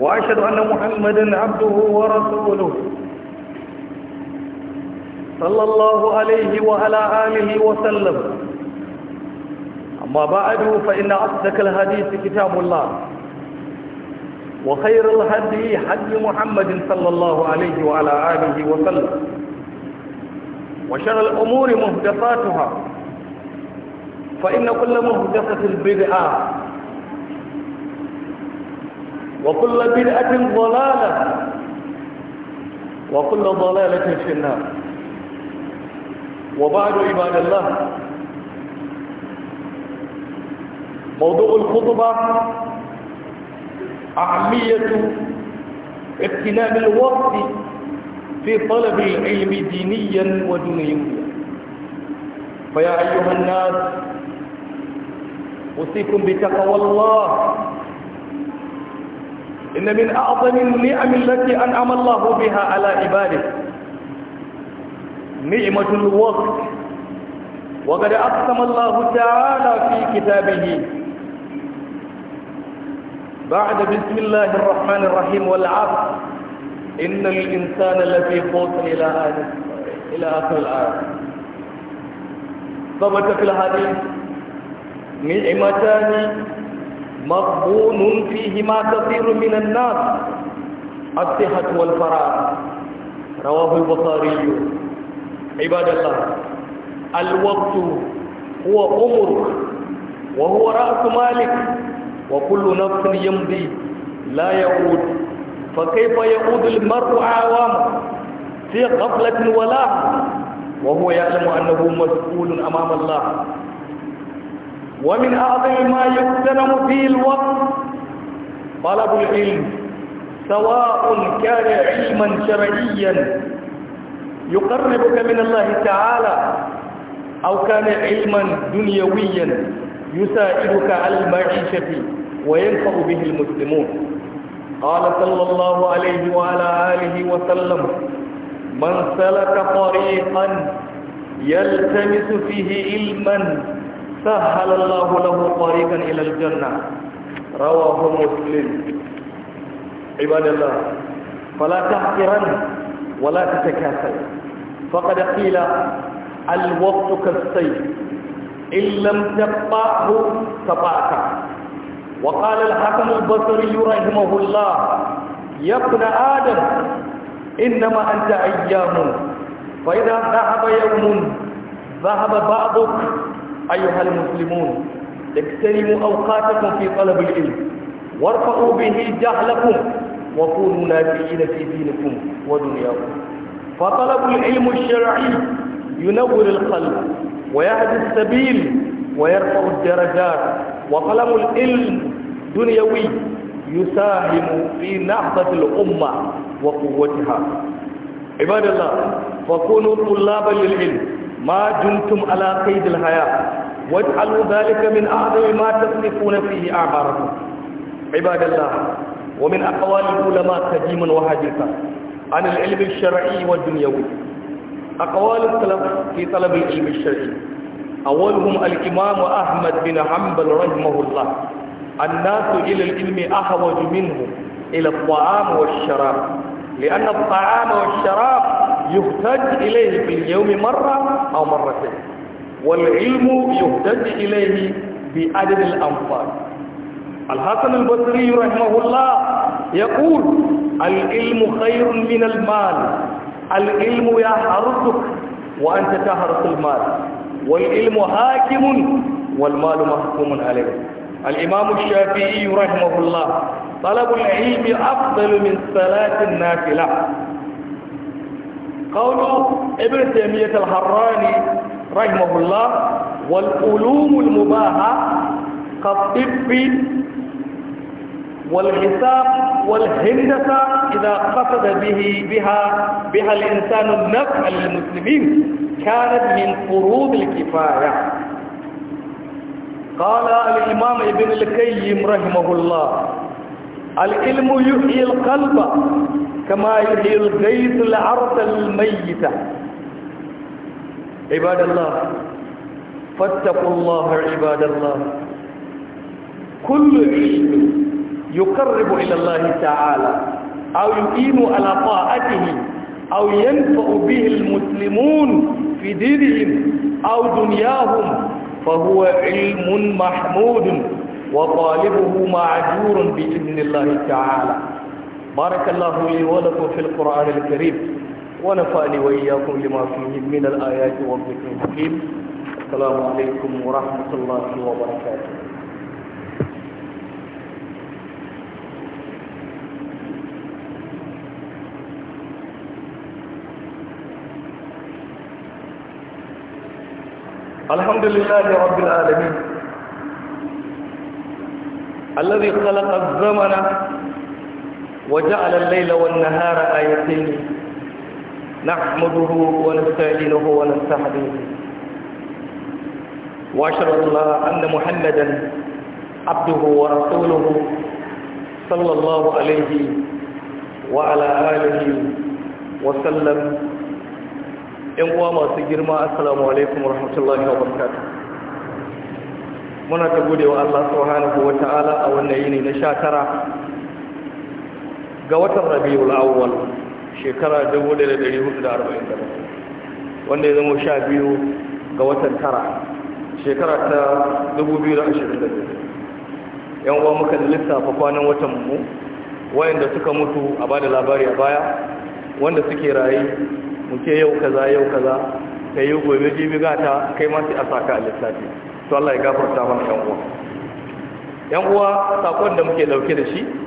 وأشهد أن محمدا عبده ورسوله صلى الله عليه وعلى آله وسلم أما بعد فإن أصدق الحديث كتاب الله وخير الهدي حد محمد صلى الله عليه وعلى آله وسلم وشر الأمور مهدفاتها فإن كل مهدفة البدعة وكل بدعة ضلالة وكل ضلالة في النار وبعد عباد الله موضوع الخطبة أهمية اغتنام الوقت في طلب العلم دينيا ودنيويا فيا أيها الناس أوصيكم بتقوى الله إن من أعظم النعم التي أنعم الله بها على عباده نعمة الوقت وقد أقسم الله تعالى في كتابه بعد بسم الله الرحمن الرحيم والعصر إن الإنسان لفي خسر إلى آخر إلى آخر الآية ثبت في الحديث نعمتان مضمون فيهما كثير من الناس الصحة والفراغ رواه البخاري عباد الله الوقت هو أمرك وهو رأس مالك وكل نفس يمضي لا يعود فكيف يعود المرء عوام في غفلة ولا وهو يعلم أنه مسؤول أمام الله ومن أعظم ما يغتنم فيه الوقت طلب العلم سواء كان علما شرعيا يقربك من الله تعالى أو كان علما دنيويا يساعدك على المعيشة وينفع به المسلمون قال صلى الله عليه وعلى آله وسلم من سلك طريقا يلتمس فيه علما سهل الله له طريقا إلى الجنة رواه مسلم عباد الله فلا تحقرن ولا تتكاسل فقد قيل الوقت كالسيف إن لم تقطعه تقطعك وقال الحكم البصري رحمه الله يا ابن آدم إنما أنت أيام فإذا ذهب يوم ذهب بعضك أيها المسلمون اكتنموا أوقاتكم في طلب العلم وارفعوا به جهلكم وكونوا نافعين في دينكم ودنياكم فطلب العلم الشرعي ينور القلب ويهدي السبيل ويرفع الدرجات وطلب العلم دنيوي يساهم في نهضة الأمة وقوتها عباد الله فكونوا طلابا للعلم ما دمتم على قيد الحياة واجعلوا ذلك من أعظم ما تصرفون فيه أعماركم عباد الله ومن أقوال العلماء قديما وحديثا عن العلم الشرعي والدنيوي أقوال السلف في طلب العلم الشرعي أولهم الإمام أحمد بن حنبل رحمه الله الناس إلى العلم أحوج منه إلى الطعام والشراب لأن الطعام والشراب يحتاج إليه في اليوم مرة أو مرتين والعلم يحتاج إليه بعدد الأنفال الحسن البصري رحمه الله يقول العلم خير من المال العلم يحرسك وأنت تحرس المال والعلم حاكم والمال محكوم عليه الإمام الشافعي رحمه الله طلب العلم أفضل من صلاة النافلة قول ابن تيمية الحراني رحمه الله والعلوم المباحة كالطب والحساب والهندسة إذا قصد به بها بها الإنسان النفع للمسلمين كانت من فروض الكفاية قال الإمام ابن القيم رحمه الله العلم يحيي القلب كما يحيي الغيث الأرض الميتة عباد الله فاتقوا الله عباد الله كل علم يقرب إلى الله تعالى أو يقيم على طاعته أو ينفع به المسلمون في دينهم أو دنياهم فهو علم محمود وطالبه معجور بإذن الله تعالى بارك الله لي ولكم في القرآن الكريم ونفعني وإياكم لما فيه من الآيات والذكر الحكيم السلام عليكم ورحمة الله وبركاته الحمد لله رب العالمين الذي خلق الزمن وجعل الليل والنهار آيتين نحمده ونستعينه ونستهديه وأشهد الله أن محمدا عبده ورسوله صلى الله عليه وعلى آله وسلم إن قام سجر ما السلام عليكم ورحمة الله وبركاته من تقول الله سبحانه وتعالى أو النعيم نشاترا ga watan rabiul awwal shekara 1447 wanda ya zama sha biyu ga watan tara shekara ta 2022 yan uwa muka lissafa kwanan watan mu wayanda suka mutu a bada labari a baya wanda suke rayi muke yau kaza yau kaza kai yi gobe jibi gata kai ma sai a saka a lissafi to Allah ya gafarta mana yan uwa yan uwa sakon da muke dauke da shi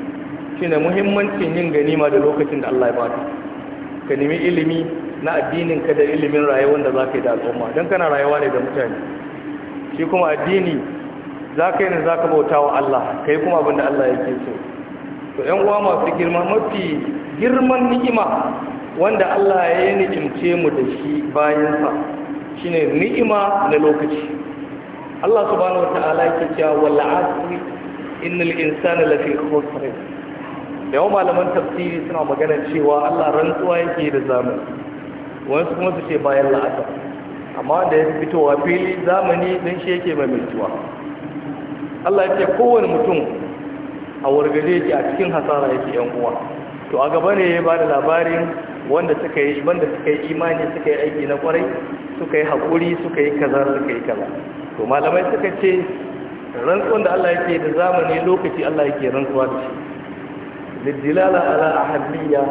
ne muhimmancin yin ganima da lokacin da Allah ya baka ka nemi ilimi na addinin ka da ilimin rayuwar da zaka yi da al'umma dan kana rayuwa ne da mutane shi kuma addini zaka yi ne zaka bauta wa Allah kai kuma abin da Allah yake so to ƴan uwa masu girma mafi girman ni'ima wanda Allah ya ni'imce mu da shi bayansa shine ni'ima na lokaci Allah subhanahu wataala yake cewa wal asri innal insana lafi khusr yawan malaman tafsiri suna magana cewa Allah rantsuwa yake da zamani wasu kuma su ce bayan la'asar amma da ya fitowa fili zamani don shi yake mai mutuwa Allah ya ce kowane mutum a wargaje yake a cikin hasara yake yan uwa to a gaba ne ya bada labarin wanda suka yi wanda suka yi imani suka yi aiki na kwarai suka yi hakuri suka yi kaza suka yi kaza to malamai suka ce rantsuwan da Allah yake da zamani lokaci Allah yake rantsuwa da shi lidilala ala ahammiya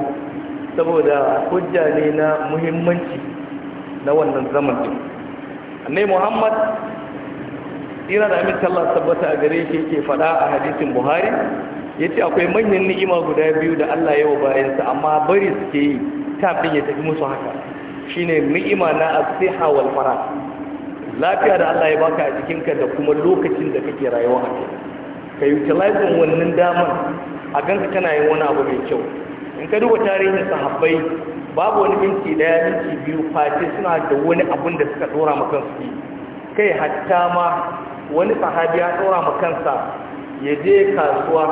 saboda hujja ne na muhimmanci na wannan zaman din muhammad ina da amince Allah tabbata a gare shi yake faɗa a hadisin buhari yace akwai manyan ni'ima guda biyu da Allah ya wa bayansa amma bari suke yi tafin ya tafi musu haka shine ni'ima na asiha wal farah lafiya da Allah ya baka a jikinka da kuma lokacin da kake rayuwa a ka utilize wannan damar a ganka kana yin wani abu mai kyau in ka duba tarihin sahabbai babu wani minti daya minti biyu face suna da wani abun da suka dora ma kansu kai hatta ma wani sahabi ya dora ma kansa ya je kasuwa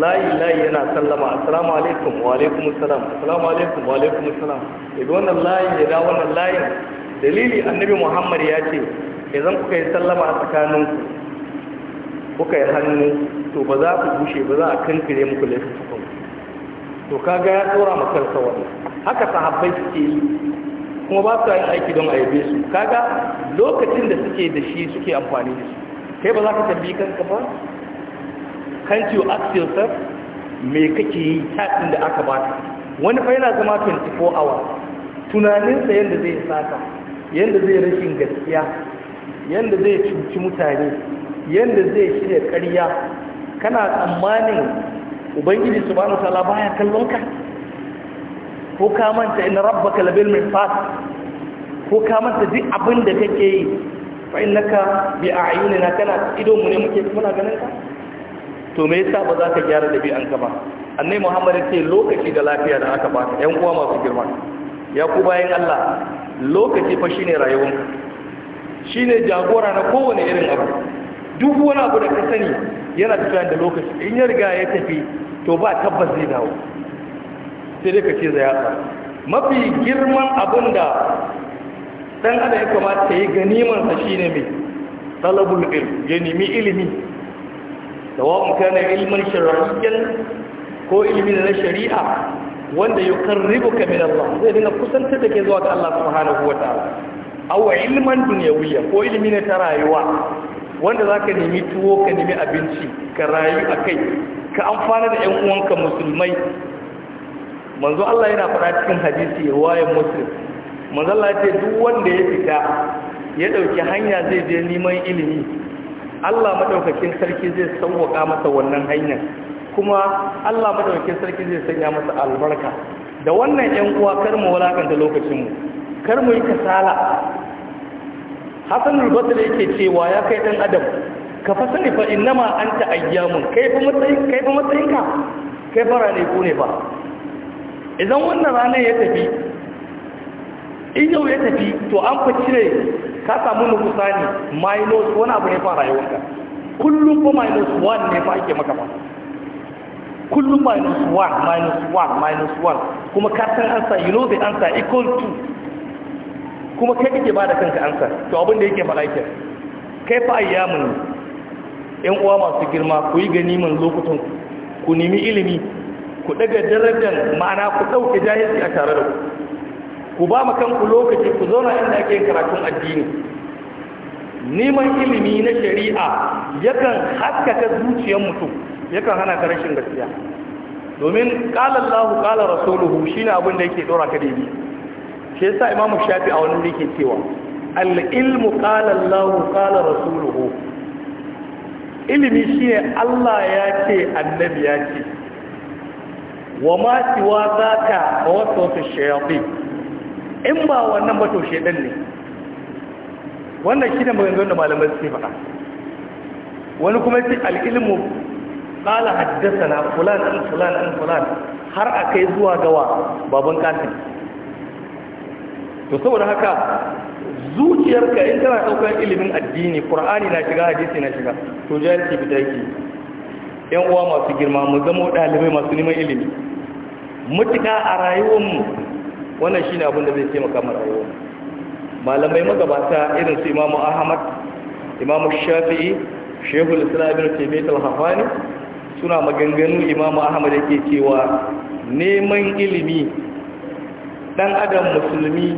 layi layi yana sallama assalamu alaikum wa alaikum assalam assalamu alaikum wa alaikum assalam idan wannan layin ya da wannan layin dalili annabi Muhammad ya ce idan kuka yi sallama a tsakaninku kuka yi hannu to ba za ku bushe ba za a kankare muku laifin to kaga ya tsora ma kansa haka sahabbai suke yi kuma ba su yi aiki don aibe su kaga lokacin da suke da shi suke amfani da su kai ba za ka tambayi kanka ba can't wa ask yourself me kake yi taɗin da aka bata wani fa yana zama 24 hours tunaninsa yadda zai sata yadda zai rashin gaskiya yadda zai cuci mutane yadda zai shirya ƙarya kana tsammanin ubangiji su wa sala baya kallon ka ko ka manta inna rabbaka labil mirsad ko ka manta duk abin da kake yi fa innaka bi a'yunina kana ido mu ne muke muna ganin ka to me yasa ba za ka gyara dabi'an ka ba annai muhammad ce lokaci da lafiya da aka ba yan uwa masu girma ya ku bayan Allah lokaci fa shine rayuwar shine jagora na kowane irin abu duk wani abu da ka sani yana tafiya da lokaci in ya riga ya tafi to ba tabbas zai dawo sai dai ka ce za yasa mafi girman abin da ɗan adam ya kamata yi ganimansa shi ne mai talabul ilm ya nemi ilimi da wa'un kana ilmin shari'ar ko ilimi na shari'a wanda ya karribu ka min Allah zai dinga kusantar da ke zuwa ga Allah subhanahu wa ta'ala aw ilman dunyawiyya ko ilimi na ta rayuwa wanda za ka nemi tuwo ka nemi abinci ka rayu a kai ka amfana da 'yan uwanka musulmai manzo Allah yana fara cikin hadisi riwayar muslim manzo Allah ce duk wanda ya fita ya dauki hanya zai je neman ilimi Allah madaukakin sarki zai sauwaka masa wannan hanya kuma Allah madaukakin sarki zai sanya masa albarka da wannan 'yan uwa kar mu walakanta lokacin kar mu yi kasala hasanul basri yake cewa ya kai dan adam ka fa sani fa innama anta ayyamun kai fa matsayin kai fa matsayinka kai fara ne ko ne fa idan wannan ranar ya tafi in yau ya tafi to an fa cire ka samu nukusani minus wani abu ne fa rayuwarka kullum fa minus 1 ne fa ake maka ba kullum minus 1 minus 1 minus 1 kuma ka san ansa you know the answer equal to kuma kai kake ba da kanka ansa to abin da yake mala'ikin kai fa ayyamin yan uwa masu girma ku yi ganiman lokutan ku nemi ilimi ku daga darajar ma'ana ku dauke jahilci a tare da ku ku ba ma kanku lokaci ku zauna inda ake yin karatun addini neman ilimi na shari'a yakan haskaka zuciyar mutum yakan hana ka rashin gaskiya domin qala Allahu qala rasuluhu shine abin da yake dora ka daidai shi yasa imamu shafi a wani yake cewa al-ilmu qala Allah qala rasuluhu ilimi shine Allah ya ce annabi ya ce wa ma siwa zaka wa waswasu shayafi in ba wannan ba to shedan ne wannan shi ne maganganun da malamai suke faɗa wani kuma ce al-ilmu qala haddathana fulan an fulan an fulan har akai zuwa gawa baban katin to saboda haka zuciyarka in tana daukar ilimin addini qur'ani na shiga hadisi na shiga to jahilci bi take yan uwa masu girma mu zama dalibai masu neman ilimi mutuka a rayuwar mu wannan shine abin da zai taimaka mu rayuwar malamai magabata irin su imamu ahmad imamu shafi'i shehu islam ibn taymiyyah al-hafani suna maganganun imamu ahmad yake cewa neman ilimi dan adam musulmi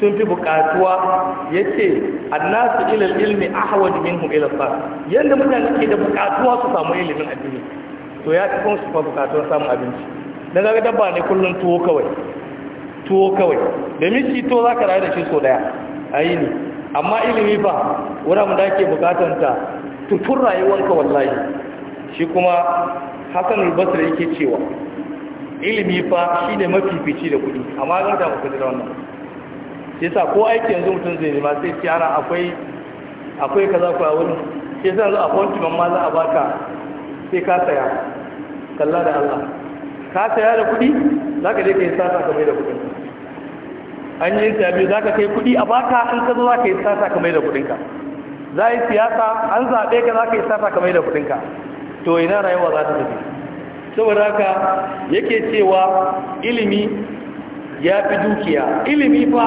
sun fi bukatuwa ya ce annasu ilil ilmi ahawaj minhum ila sa yanda mutane ke da bukatuwa su samu ilimin addini to ya fi kun su fa samun abinci Na ga dabba ne kullum tuwo kawai tuwo kawai da miki to za ka rayu da shi so daya yi ne amma ilimi ba wura da ke bukatan ta tutun rayuwarka wallahi shi kuma Hassan yake cewa ilimi fa shi ne mafifici da kudi amma ga ta mafi da wannan sa ko aiki yanzu mutum zai nema sai tiyara akwai akwai kaza ku a wurin shi a yanzu appointment ma za a baka sai ka saya kalla da Allah ka saya da kuɗi za ka je ka yi sata ka mai da kuɗin an yi biyu za ka kai kuɗi a baka an ka zo za ka yi sata ka mai da kuɗinka za a yi siyasa an zaɓe ka za ka yi sata ka mai da kuɗinka to ina rayuwa za ta tafi saboda haka yake cewa ilimi ya fi dukiya ilimi fa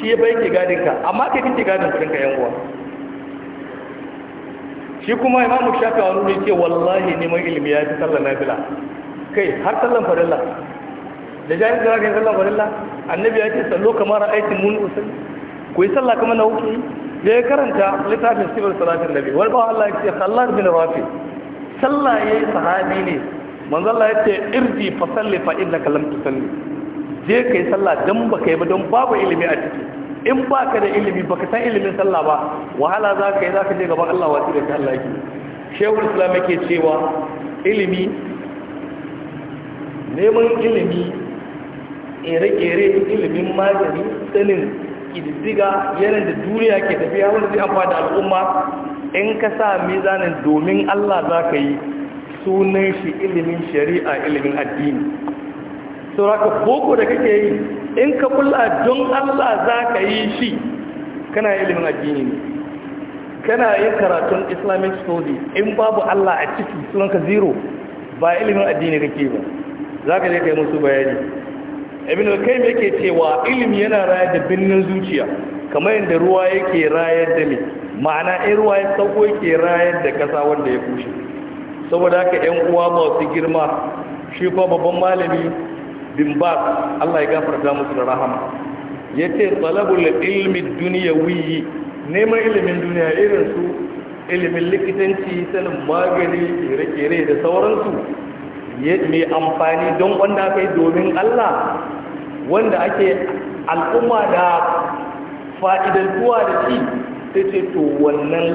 shi ya bai ke gadin ka amma kai kike gadin kudin ka yan uwa shi kuma imamu shafi'i wani ne ce wallahi neman ilimi ya fi sallan nafila kai har sallan farilla da jari da zaka sallan farilla annabi ya ce sallo kamar aikin mun usul ku yi sallah kamar na hukunci da ya karanta littafin sibar salatin nabi wani ba Allah ya ce sallar bin rafi sallah ya yi sahabi ne manzo ya ce irji fasalle fa'in fa kalam lam tusalli je ka yi sallah dan ba ka yi ba don babu ilimi a ciki in ba ka da ilimi ba ka san ilimin sallah ba wahala za ka yi za ka je gaban Allah wasu da ta Allah ke shehu islam yake cewa ilimi neman ilimi kere-kere ilimin magani tsanin ƙididdiga yanar da duniya ke tafiya wanda zai amfani da al'umma in ka sa mizanin domin Allah za ka yi sunan shi ilimin shari'a ilimin addini sauraka boko da kake yi in ka kula don allah za ka yi shi kana ilimin addini ne kana yin karatun islamic story in babu allah a ciki sunanka zero ba ilimin addini kake ba za ka zai musu bayani Abin da kai yake cewa ilimi yana rayar da binnin zuciya kamar yadda ruwa yake rayar da me ma'ana in ruwa ya sauko yake rayar da kasa wanda ya kushe saboda haka yan uwa masu girma shi kuma babban malami bin bas Allah ya gafarta musu da rahama ya ce talabul ilmi duniyawi neman ilimin duniya irin su ilimin likitanci sanin magani kere-kere da sauransu mai amfani don wanda aka domin Allah wanda ake al'umma da fa'idantuwa da shi sai ce to wannan